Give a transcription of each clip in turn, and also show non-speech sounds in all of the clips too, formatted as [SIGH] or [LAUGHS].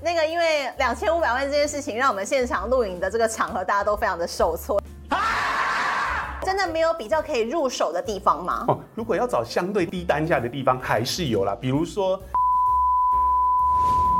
那個，因為兩千五百萬這件事情，讓我們現場錄影的這個場合，大家都非常的受挫。真的沒有比較可以入手的地方嗎？哦，如果要找相對低單價的地方，還是有啦。比如說，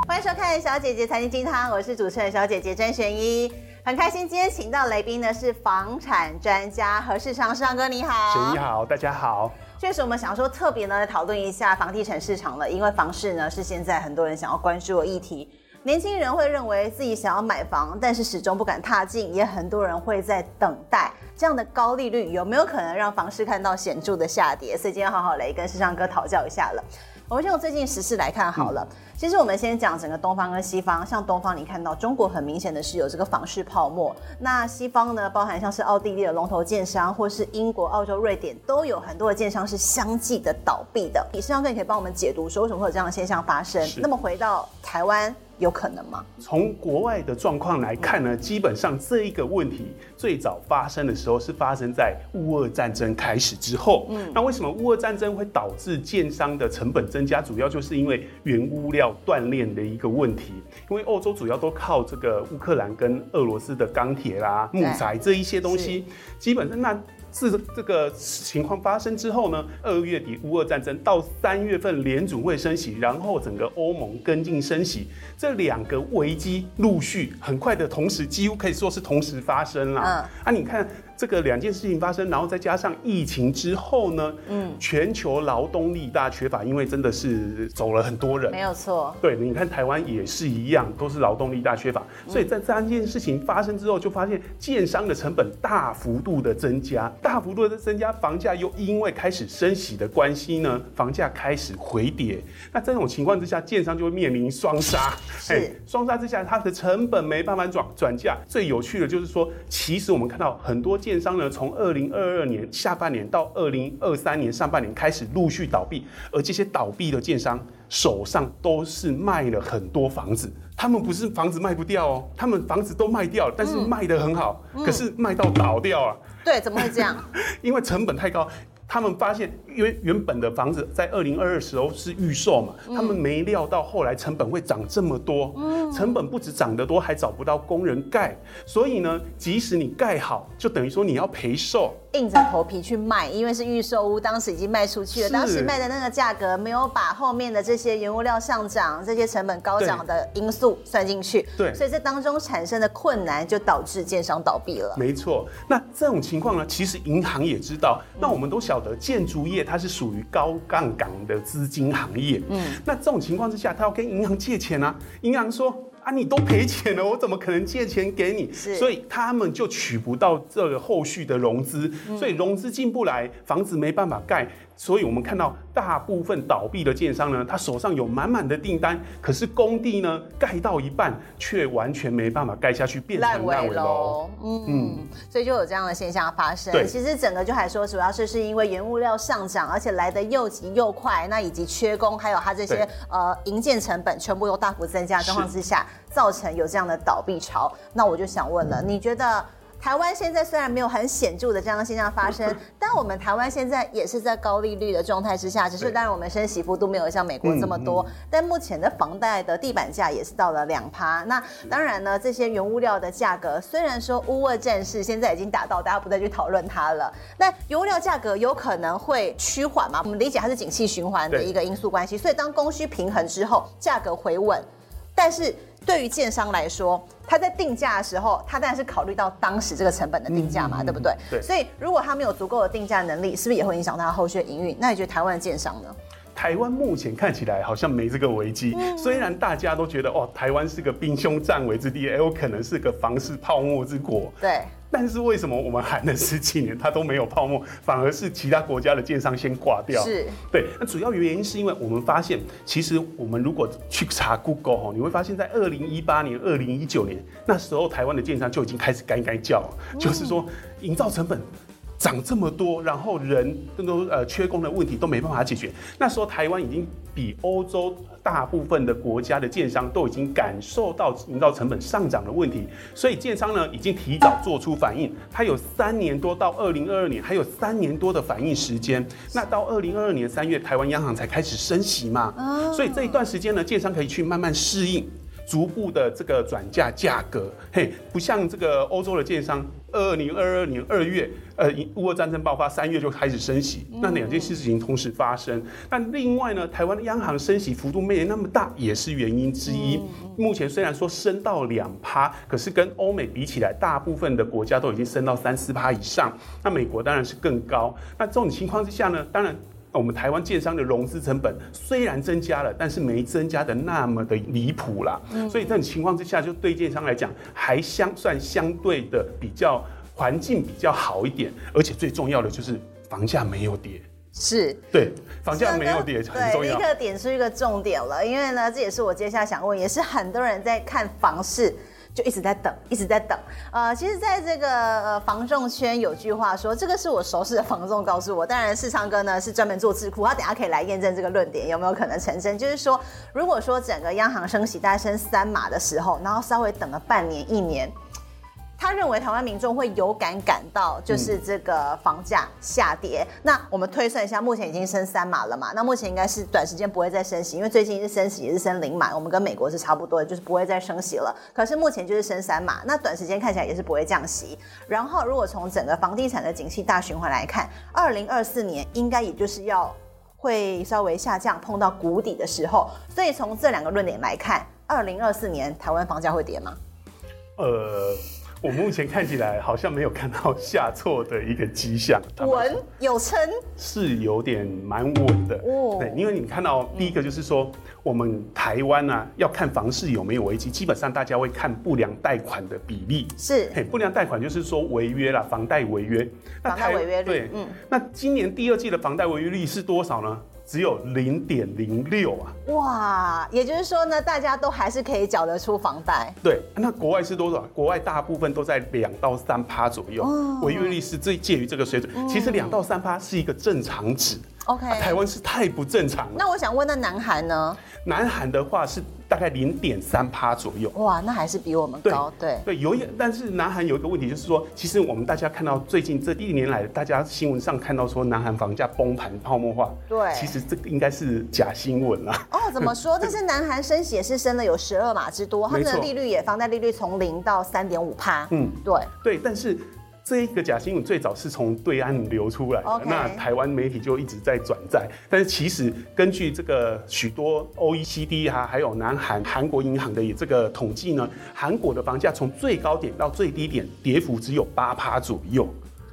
歡迎收看《小姐姐財經基湯》，我是主持人小姐姐詹璇依，很開心今天請到來賓呢是房產專家何世昌，世昌哥你好。璇依好，大家好。確實，我們想要說特別呢討論一下房地產市場了，因為房市呢是現在很多人想要關注的議題。年輕人會認為自己想要買房，但是始終不敢踏進，也很多人會在等待。這樣的高利率有沒有可能讓房市看到顯著的下跌？所以今天好好來跟時尚哥討教一下了。我們先用最近時事來看好了。其實我們先講整個東方跟西方。像東方，你看到中國很明顯的是有這個房市泡沫。那西方呢，包含像是奧地利的龍頭建商，或是英國、澳洲、瑞典，都有很多的建商是相繼的倒閉的。你時尚哥你可以幫我們解讀說為什麼會有這樣的現象發生。那麼回到台灣。有可能嗎？從國外的狀況來看呢，嗯，基本上這一個問題最早發生的時候是發生在烏俄戰爭開始之後。嗯，那為什麼烏俄戰爭會導致建商的成本增加？主要就是因為原物料斷鏈的一個問題。因為歐洲主要都靠這個烏克蘭跟俄羅斯的鋼鐵啦、木材這一些東西，基本上那。自這個情況發生之後呢，二月底烏俄戰爭到三月份，聯準會升息，然後整個歐盟跟進升息，這兩個危機陸續很快的同時，幾乎可以說是同時發生啦。啊，啊，你看。這個兩件事情發生，然後再加上疫情之後呢，嗯，全球勞動力大缺乏，因為真的是走了很多人，沒有錯。對，你看台灣也是一樣，都是勞動力大缺乏，所以在這兩件事情發生之後，就發現建商的成本大幅度的增加，大幅度的增加，房價又因為開始升息的關係呢，房價開始回跌。那這種情況之下，建商就會面臨雙殺，是。哎，雙殺之下，它的成本沒辦法轉轉嫁。最有趣的，就是說，其實我們看到很多。建商呢，從二零二二年下半年到二零二三年上半年開始陸續倒閉，而這些倒閉的建商手上都是賣了很多房子，他們不是房子賣不掉哦，他們房子都賣掉了，嗯、但是賣得很好、嗯，可是賣到倒掉啊。對，怎麼會這樣？ [LAUGHS] 因為成本太高，他們發現。因為原本的房子在二零二二時候是預售嘛、嗯，他們沒料到後來成本會漲這麼多，嗯、成本不止漲得多，還找不到工人蓋，所以呢，即使你蓋好，就等於說你要賠售，硬着頭皮去賣，因為是預售屋，當時已經賣出去了，當時賣的那個價格沒有把後面的這些原物料上漲、這些成本高漲的因素算進去。對，對，所以這當中產生的困難就導致建商倒閉了。沒錯，那這種情況呢、嗯，其實銀行也知道，那、嗯、我們都曉得建築業，它是屬於高槓桿的資金行業，嗯，那這種情況之下，他要跟銀行借錢啊，銀行說啊，你都賠錢了，我怎麼可能借錢給你？所以他們就取不到這個後續的融資，嗯，所以融資進不來，房子沒辦法蓋。所以，我們看到大部分倒閉的建商呢，他手上有滿滿的訂單，可是工地呢蓋到一半，卻完全沒辦法蓋下去，變成爛尾樓，嗯。嗯，所以就有這樣的現象發生。對，其實整個就還說，主要是是因為原物料上漲，而且來得又急又快，那以及缺工，還有它這些呃營建成本全部都大幅增加的狀況之下，造成有這樣的倒閉潮。那我就想問了，嗯、你覺得？台灣現在雖然沒有很顯著的這樣的現象發生， [LAUGHS] 但我們台灣現在也是在高利率的狀態之下，只是當然我們升息幅度沒有像美國這麼多。嗯嗯、但目前的房貸的地板價也是到了兩趴。那當然呢，這些原物料的價格雖然說烏俄戰事現在已經打到大家不再去討論它了，那原物料價格有可能會趨緩嘛？我們理解它是景氣循環的一個因素關係，所以當供需平衡之後，價格回穩。但是。對於建商來說，他在定價的時候，他當然是考慮到當時這個成本的定價嘛，嗯、對不對？對。所以，如果他沒有足夠的定價能力，是不是也會影響他後續的營運？那你覺得台灣的建商呢？台灣目前看起來好像沒這個危機，嗯、雖然大家都覺得哦，台灣是個兵凶戰危之地，也有可能是個房市泡沫之國。對。但是為什麼我們喊了十幾年，它都沒有泡沫，反而是其他國家的建商先掛掉？是對。那主要原因是因為我們發現，其實我們如果去查 Google 哈，你會發現在二零一八年、二零一九年那時候，台灣的建商就已經開始乾乾叫了，嗯，就是說營造成本漲這麼多，然後人都呃缺工的問題都沒辦法解決，那時候台灣已經。比歐洲大部分的國家的建商都已經感受到營造成本上漲的問題，所以建商呢已經提早做出反應，它，有三年多到二零二二年還有三年多的反應時間。那到二零二二年三月，台灣央行才開始升息嘛，所以這一段時間呢，建商可以去慢慢適應，逐步的這個轉嫁價格，嘿，不像這個歐洲的建商。二零二二年二月，呃，烏俄戰爭爆發，三月就開始升息。嗯、那兩件事情同時發生。但另外呢，台灣央行升息幅度沒那麼大，也是原因之一。嗯、目前雖然說升到兩趴，可是跟歐美比起來，大部分的國家都已經升到三四趴以上。那美國當然是更高。那這種情況之下呢，當然。我們台灣建商的融資成本雖然增加了，但是沒增加的那麼的離譜啦。嗯。所以這種情況之下，就對建商來講還相算相對的比較環境比較好一點，而且最重要的就是房價沒有跌。是，對，房價沒有跌，這個，很重要。立刻點出一個重點了，因為呢，這也是我接下來想問，也是很多人在看房市。就一直在等，一直在等。呃，其實，在這個呃房仲圈有句話說，這個是我熟識的房仲告訴我。當然唱歌，市場哥呢是專門做智庫，他等下可以來驗證這個論點有沒有可能成真。就是說，如果說整個央行升息，大概升三碼的時候，然後稍微等了半年、一年。他認為台灣民眾會有感，感到就是這個房價下跌。嗯。那我們推算一下，目前已經升三碼了嘛。那目前應該是短時間不會再升息，因為最近是升息也是升零碼，我們跟美國是差不多的，就是不會再升息了。可是目前就是升三碼，那短時間看起來也是不會降息。然後，如果從整個房地產的景氣大循環來看，二零二四年應該也就是要會稍微下降，碰到谷底的時候。所以從這兩個論點來看，二零二四年台灣房價會跌嗎？呃。我目前看起來好像沒有看到下挫的一個跡象，穩有稱是有點蠻穩的哦。對，因為你看到第一個就是說，我們台灣啊、嗯、要看房市有沒有危機，基本上大家會看不良貸款的比例。是，不良貸款就是說違約啦，房貸違約。那房貸違約率對，嗯，那今年第二季的房貸違約率是多少呢？只有零點零六啊！哇，也就是說呢，大家都還是可以繳得出房貸。對，那國外是多少？國外大部分都在兩到三趴左右，違約率是最介於這個水準。嗯，其實兩到三趴是一個正常值。OK，、啊、台灣是太不正常了。那我想問，那南韓呢？南韓的話是大概零點三趴左右。哇，那還是比我們高。對對，對，有一但是南韓有一個問題，就是說，其實我們大家看到最近這一年來，大家新聞上看到說南韓房價崩盤、泡沫化。對，其實這個應該是假新聞啦。哦，怎麼說？但是南韓升息是升了有十二碼之多， [LAUGHS] 他的利率、也房貸利率從零到三點五趴。嗯，對。對，但是。這一個假新聞最早是從對岸流出來的，okay。那台灣媒體就一直在轉載。但是其實根據這個許多 OECD 啊，還有南韓韓國銀行的也這個統計呢，韓國的房價從最高點到最低點跌幅只有八趴左右。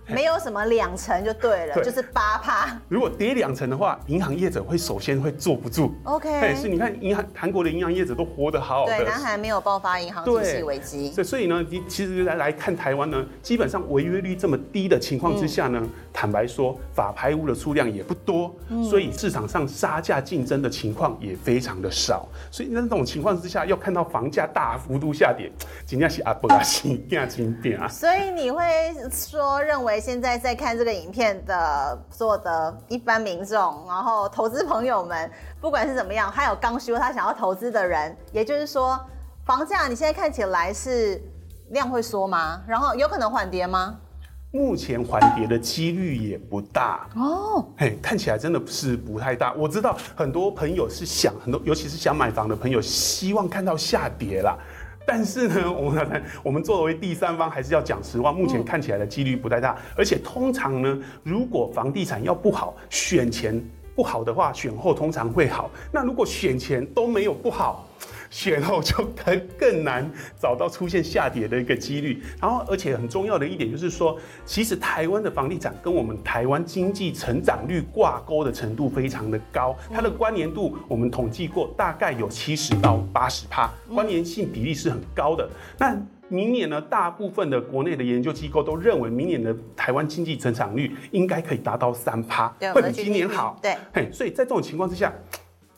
沒有什麼兩成就對了，對，就是八趴。如果跌兩成的話，銀行業者會首先會坐不住。OK，但是你看，銀行韓國的銀行業者都活得好好的對，南韓沒有爆發銀行體系危機。所以所以呢，其實來來看台灣呢，基本上違約率這麼低的情況之下呢，嗯、坦白說，法拍屋的數量也不多，嗯，所以市場上殺價競爭的情況也非常的少。所以那種情況之下，要看到房價大幅度下跌，真的是阿伯阿嬸變金變啊。所以你會說認為？現在在看這個影片的所有的一般民眾，然後投資朋友們，不管是怎麼樣，還有剛需他想要投資的人，也就是說，房價你現在看起來是量會縮嗎？然後有可能緩跌嗎？目前緩跌的幾率也不大哦，嘿，看起來真的是不太大。我知道很多朋友是想，很多尤其是想買房的朋友，希望看到下跌了。但是呢，我們來看我們作為第三方還是要講實話，目前看起來的幾率不太大，而且通常呢，如果房地產要不好，選前。不好的話，選後通常會好。那如果選前都沒有不好，選後就更更難找到出現下跌的一個幾率。然後，而且很重要的一點就是說，其實台灣的房地產跟我們台灣經濟成長率掛鈎的程度非常的高，它的關聯度我們統計過，大概有七十到八十趴，關聯性比例是很高的。那明年呢，大部分的國內的研究機構都認為，明年的台灣經濟成長率應該可以達到三趴，對，聽聽會比今年好。對，嘿，所以在這種情況之下，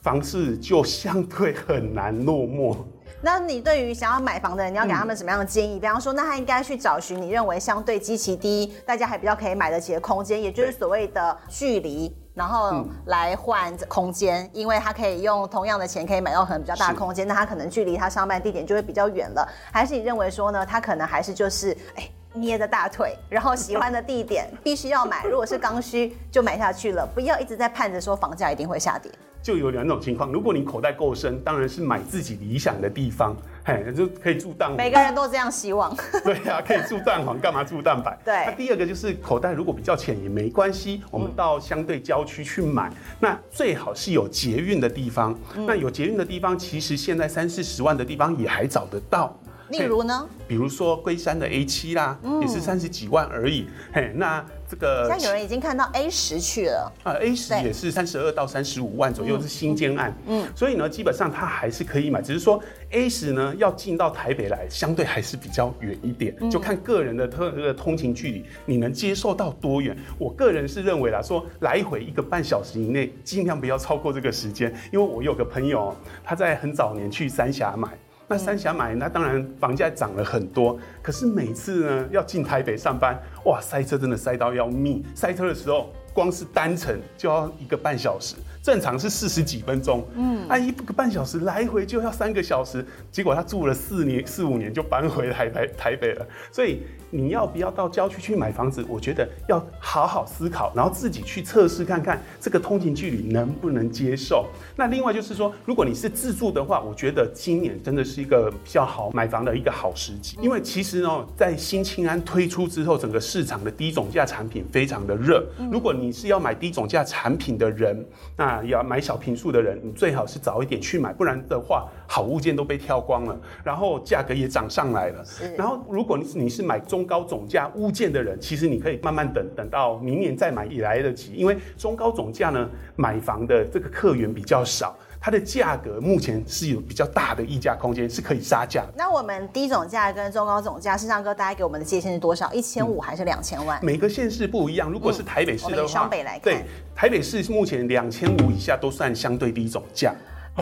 房市就相對很難落寞。那你對於想要買房的人，你要給他們什麼樣的建議？嗯，比方說，那他應該去找尋你認為相對基期低、大家還比較可以買得起的空間，也就是所謂的距離。然後來換空間，嗯，因為他可以用同樣的錢可以買到可能比較大的空間，那他可能距離他上班地點就會比較遠了。還是你認為說呢？他可能還是就是哎。捏着大腿，然後喜歡的地點必須要買。如果是剛需，就買下去了。不要一直在盼着說房價一定會下跌。就有兩種情況，如果你口袋夠深，當然是買自己理想的地方，嘿，就可以住蛋黃。每個人都這樣希望。 [LAUGHS] 對啊，可以住蛋黃，幹嘛住蛋白？對。那第二個就是口袋如果比較淺也沒關係，嗯、我們到相對郊區去買，那最好是有捷運的地方、嗯。那有捷運的地方，其實現在三四十萬的地方也還找得到。例如呢？比如說龜山的 A 七啦，嗯，也是三十幾萬而已，嗯。嘿，那這個現在有人已經看到 A 十去了啊，A 十也是三十二到三十五萬左右、嗯，是新建案嗯。嗯，所以呢，基本上它還是可以買，只是說 A 十呢，要進到台北來，相對還是比較遠一點，嗯，就看個人的特的通勤距離，你能接受到多遠？我個人是認為啦，說來回一個半小時以內，盡量不要超過這個時間，因為我有個朋友他在很早年去三峽買。那三峽買，那當然房價漲了很多。可是每次呢，要進台北上班，哇，塞車真的塞到要命。塞車的時候。光是單程就要一個半小時，正常是四十幾分鐘。嗯，按一個半小時來回就要三個小時。結果他住了四年，四五年就搬回台北台北了。所以你要不要到郊區去買房子？我覺得要好好思考，然後自己去測試看看這個通勤距離能不能接受。那另外就是說，如果你是自住的話，我覺得今年真的是一個比較好買房的一個好時機，因為其實呢，在新青安推出之後，整個市場的低總價產品非常的熱。如果你你是要買低總價產品的人，那要買小坪數的人，你最好是早一點去買，不然的話，好物件都被挑光了，然後價格也漲上來了。然後，如果你是買中高總價物件的人，其實你可以慢慢等，等到明年再買也來得及，因為中高總價呢，買房的這個客源比較少。它的價格目前是有比較大的議價空間，是可以殺價。那我們低總價跟中高總價，市場哥大概給我們的界限是多少？一千五還是兩千萬？每個縣市不一樣。如果是台北市的話，嗯、我來看對，台北市目前兩千五以下都算相對低總價。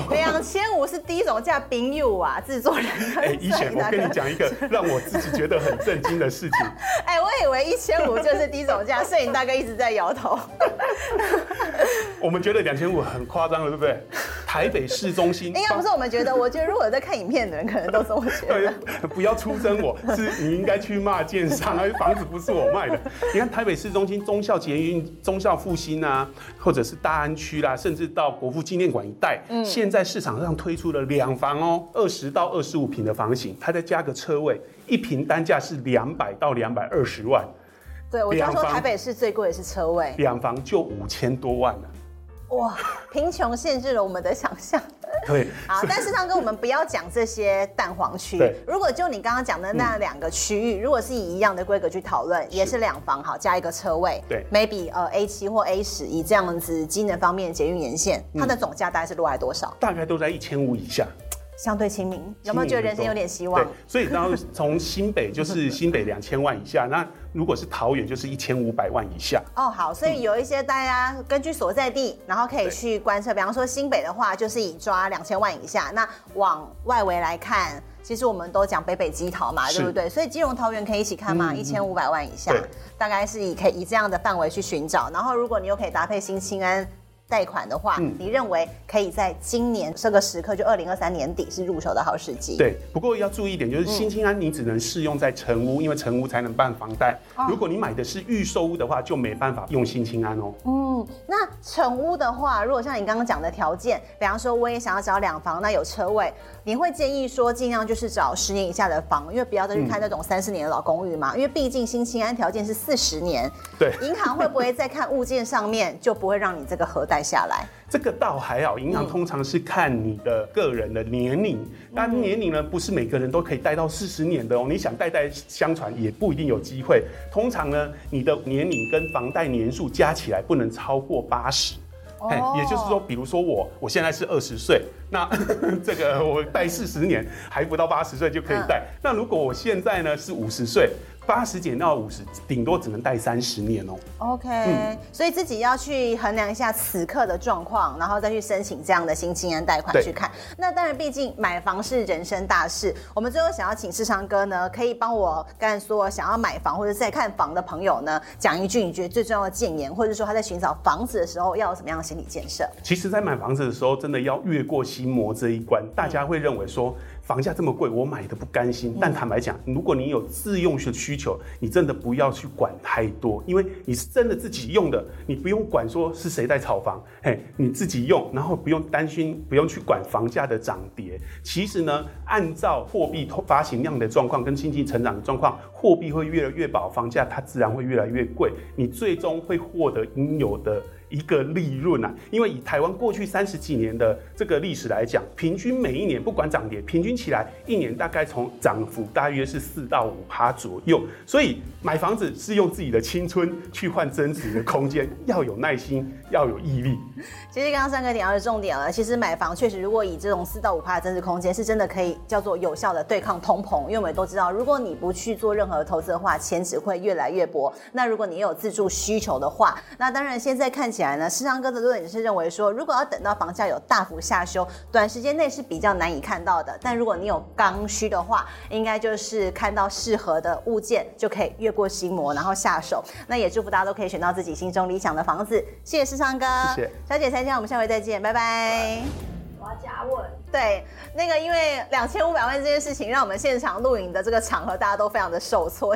兩千五是低總價，冰玉啊，製作人、欸。哎、那個，以前我跟你講一個讓我自己覺得很震驚的事情。哎、欸，我以為一千五就是低總價，所以攝影大哥一直在搖頭。 [LAUGHS] 我們覺得兩千五很誇張了，對不對？台北市中心應該不是我們覺得，我覺得如果在看影片的人，可能都是我覺得。 [LAUGHS] [LAUGHS] 不要出征我是你應該去罵建商，因為房子不是我賣的。你看台北市中心忠孝捷運、忠孝復興啊，或者是大安區啦、啊，甚至到國父紀念館一帶，嗯、現在市場上推出了兩房哦、喔，二十到二十五坪的房型，它再加個車位，一坪單價是兩百到兩百二十萬。對，我要說台北市最貴的是車位，兩房就五千多萬了、啊。哇，貧窮限制了我們的想象。對啊，但是大哥，我們不要講這些蛋黃區。對，如果就你剛剛講的那兩個區域，嗯，如果是以一樣的規格去討論，也是兩房好加一個車位。對，Maybe 呃 A7 或 A10，以這樣子機能方面捷運沿線，嗯，它的總價大概是落在多少？大概都在一千五以下。相對親民，親民，有沒有覺得人生有點希望？對，所以然後從新北，就是新北兩千萬以下。 [LAUGHS] 那如果是桃園，就是一千五百萬以下。哦，好，所以有一些大家、啊嗯、根據所在地，然後可以去觀測。比方說新北的話，就是以抓兩千萬以下，那往外圍來看，其實我們都講北北基桃嘛，對不對？所以基隆桃園可以一起看嘛，一千五百萬以下，大概是以可以以這樣的範圍去尋找。然後如果你又可以搭配新青安。貸款的話、嗯，你認為可以在今年這個時刻，就二零二三年底是入手的好時機。對，不過要注意一點，就是新青安你只能適用在成屋，因為成屋才能辦房貸、啊。如果你買的是預售屋的話，就沒辦法用新青安哦、喔。嗯，那成屋的話，如果像你剛剛講的條件，比方說我也想要找兩房，那有車位，你會建議說盡量就是找十年以下的房，因為不要再去看那種三十年的老公寓嘛、嗯，因為畢竟新青安條件是四十年。對。銀行會不會在看物件上面，就不會讓你這個核貸？貸下來，這個倒還好。銀行通常是看你的個人的年齡、嗯，但年齡呢，不是每個人都可以貸到四十年的哦。你想代代相傳，也不一定有機會。通常呢，你的年齡跟房貸年數加起來不能超過八十、哦。也就是說，比如說我，我現在是二十歲，那 [LAUGHS] 這個我貸四十年還不到八十歲就可以貸、嗯。那如果我現在呢是五十歲？八十減到五十，頂多只能貸三十年哦、喔。OK，、嗯、所以自己要去衡量一下此刻的狀況，然後再去申請這樣的新青年貸款去看。那當然，畢竟買房是人生大事。我們最後想要請志昌哥呢，可以幫我跟所有想要買房或者是在看房的朋友呢，講一句你覺得最重要的建言，或者說他在尋找房子的時候要有什麼樣的心理建設？其實，在買房子的時候，真的要越過心魔這一關。大家會認為說房價這麼貴，我買的不甘心。嗯、但坦白講，如果你有自用的需，需求，你真的不要去管太多，因為你是真的自己用的，你不用管說是誰在炒房，嘿，你自己用，然後不用擔心，不用去管房價的漲跌。其實呢，按照貨幣發行量的狀況跟經濟成長的狀況，貨幣會越來越薄，房價它自然會越來越貴，你最終會獲得應有的。一個利潤啊，因為以台灣過去三十幾年的這個歷史來講，平均每一年不管漲跌，平均起來一年大概從漲幅大約是四到五趴左右。所以買房子是用自己的青春去換增值的空間，要有耐心，要有毅力。 [LAUGHS] 其實剛剛三個點要是重點了。其實買房確實，如果以這種四到五趴的增值空間，是真的可以叫做有效的對抗通膨。因為我們都知道，如果你不去做任何投資的話，錢只會越來越薄。那如果你有自住需求的話，那當然現在看。起來呢，世昌哥的論也是認為說，如果要等到房價有大幅下修，短時間內是比較難以看到的。但如果你有剛需的話，應該就是看到適合的物件就可以越過心魔，然後下手。那也祝福大家都可以選到自己心中理想的房子。謝謝世昌哥，謝謝。小姐參加，我們下回再見，拜拜。我要加問，對，那個因為兩千五百萬這件事情，讓我們現場錄影的這個場合，大家都非常的受挫。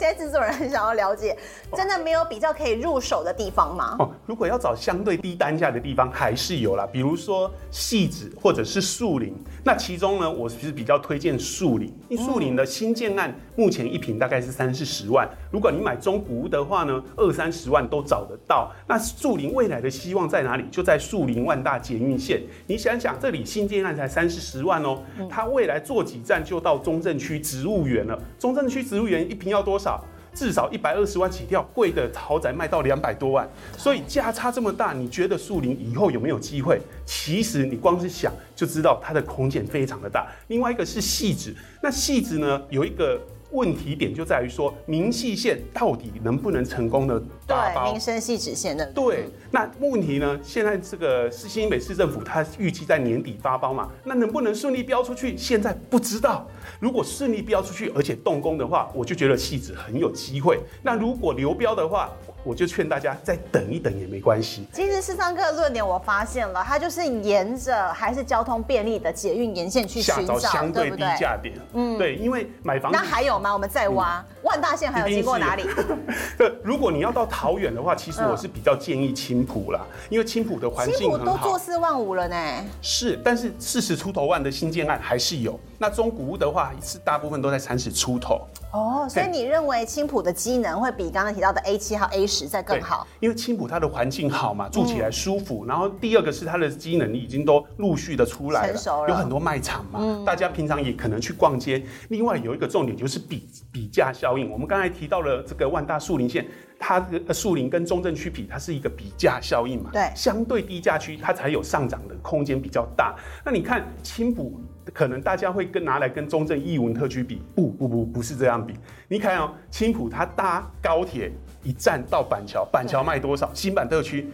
現在制作人很想要了解，真的沒有比較可以入手的地方嗎？哦、如果要找相對低單價的地方，還是有啦。比如說汐止或者是樹林，那其中呢，我其實比較推薦樹林。樹林的新建案目前一平大概是三四十萬，如果你買中古屋的話呢，二三十萬都找得到。那樹林未來的希望在哪裡？就在樹林萬大捷運線。你想想，這裡新建案才三四十萬哦，它未來坐幾站就到中正區植物園了。中正區植物園一平要多少？至少一百二十萬起跳，貴的豪宅賣到兩百多萬，所以價差這麼大，你覺得樹林以後有沒有機會？其實你光是想就知道它的空間非常的大。另外一個是汐止，那汐止呢有一個。問題點就在於說，民汐線到底能不能成功的發包？對，民生汐止線的對。那問題呢？現在這個市新北市政府，它預計在年底發包嘛？那能不能順利標出去？現在不知道。如果順利標出去，而且動工的話，我就覺得汐止很有機會。那如果流標的話，我就勸大家再等一等也沒關係。其實世上哥的論點我發現了，它就是沿着還是交通便利的捷運沿線去尋找下相對低價點，對不對？嗯，對，因為買房子。那還有嗎？我們再挖。嗯、萬大線還有經過哪裡？ [LAUGHS] 如果你要到桃園的話，其實我是比較建議青埔啦、嗯，因為青埔的環境很好。青埔都做四萬五了呢。是，但是四十出頭萬的新建案還是有。那中古屋的話，是大部分都在三十出頭。哦，所以你認為青埔的機能會比剛剛提到的 A 七和 A 十再更好？因為青埔它的環境好嘛，住起來舒服。嗯、然後第二個是它的機能已經都陸續的出來了，了，有很多賣場嘛、嗯，大家平常也可能去逛街。嗯、另外有一個重點就是比比價效應，我們剛才提到了這個萬大樹林線。它的樹林跟中正區比，它是一個比價效應嘛？對，相對低價區，它才有上漲的空間比較大。那你看青埔，可能大家會跟拿來跟中正藝文特區比，不不不，不是這樣比。你看哦，青埔它搭高鐵一站到板橋，板橋賣多少？新板特區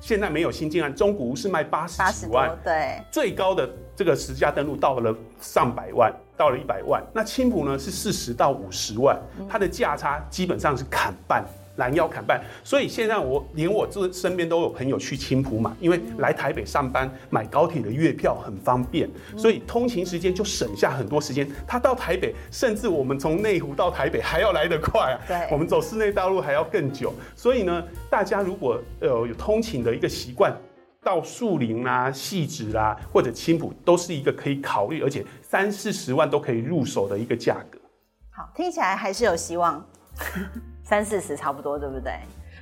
現在沒有新進案，中古是賣八十萬，對，最高的這個實價登錄到了上百萬，到了一百萬。那青埔呢是四十到五十萬，它的價差基本上是砍半。攔腰砍半，所以現在我連我身邊都有朋友去青埔買，因為來台北上班買高鐵的月票很方便，所以通勤時間就省下很多時間。他到台北，甚至我們從內湖到台北還要來得快啊！對，我們走市內道路還要更久。所以呢，大家如果呃有，有通勤的一個習慣，到樹林啦、汐止啦或者青埔，都是一個可以考慮，而且三四十萬都可以入手的一個價格。好，聽起來還是有希望。 [LAUGHS] 三四十差不多，對不對？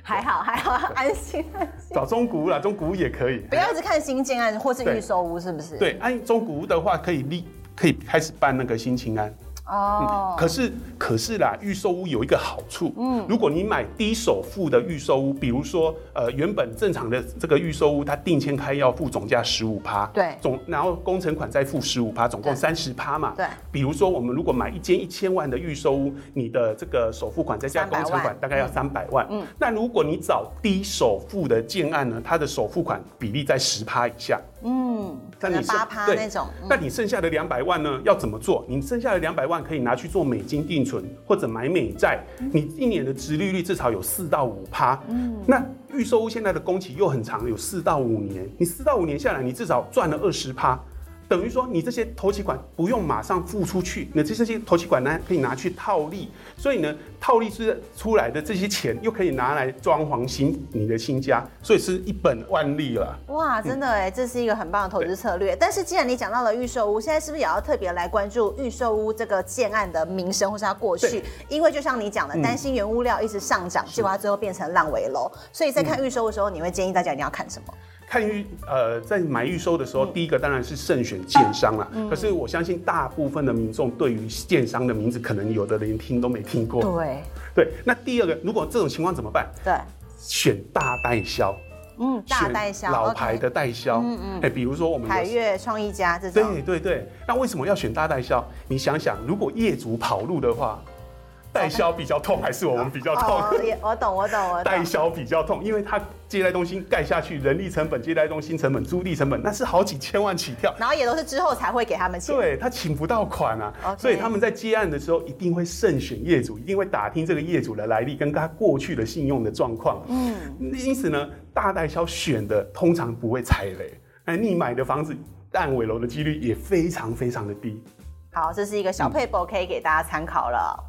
還好還好，還好安心安心。找中古屋啦，中古屋也可以。不要一直看新建案或是預售屋，是不是？對，哎，按中古屋的話可以立，可以開始辦那個新青安。哦、嗯，可是可是啦，預售屋有一個好處，嗯，如果你買低首付的預售屋，比如說呃，原本正常的這個預售屋，它定簽開要付總價十五趴，對總，總然後工程款再付十五趴，總共三十趴嘛，對。比如說我們如果買一間一千萬的預售屋，你的這個首付款再加工程款，大概要三百萬，嗯。那如果你找低首付的建案呢，它的首付款比例在十趴以下。嗯，八八那種那、嗯，那你剩下的兩百萬呢？要怎麼做？你剩下的兩百萬可以拿去做美金定存，或者買美債，你一年的殖利率至少有四到五趴。嗯，那預售屋現在的工期又很長，有四到五年，你四到五年下來，你至少賺了二十趴。等於說，你這些頭期款不用馬上付出去，那這些頭期款呢，可以拿去套利。所以呢，套利是出來的這些錢，又可以拿來裝潢新你的新家，所以是一本萬利了。哇，真的哎、嗯，這是一個很棒的投資策略。但是，既然你講到了預售屋，現在是不是也要特別來關注預售屋這個建案的名聲或是它過去？因為就像你講的，擔、嗯、心原物料一直上漲，結果它最後變成爛尾樓。所以在看預售的時候、嗯，你會建議大家一定要看什麼？看預呃，在買預售的時候、嗯，第一個當然是慎選建商了，嗯。可是我相信大部分的民眾對於建商的名字，可能有的連聽都沒聽過。對。對。那第二個，如果這種情況怎麼辦？對。選大代銷。嗯，大代銷。老牌的代銷。嗯嗯。哎、欸，比如說我們的海悅創意家，這種。對對對。那為什麼要選大代銷？你想想，如果業主跑路的話，代銷比較痛還是我們比較痛？哦、我，我懂，我懂，我懂。代銷比較痛，嗯、因為他。接待中心蓋下去，人力成本、接待中心成本、租地成本，那是好幾千萬起跳。然後也都是之後才會給他們錢。對他請不到款啊，嗯 okay. 所以他們在接案的時候一定會慎選業主，一定會打聽這個業主的來歷跟他過去的信用的狀況。嗯，因此呢，大代銷選的通常不會踩雷，哎，你買的房子爛尾樓的幾率也非常非常的低。好，這是一個小撇步，可以給大家參考了。嗯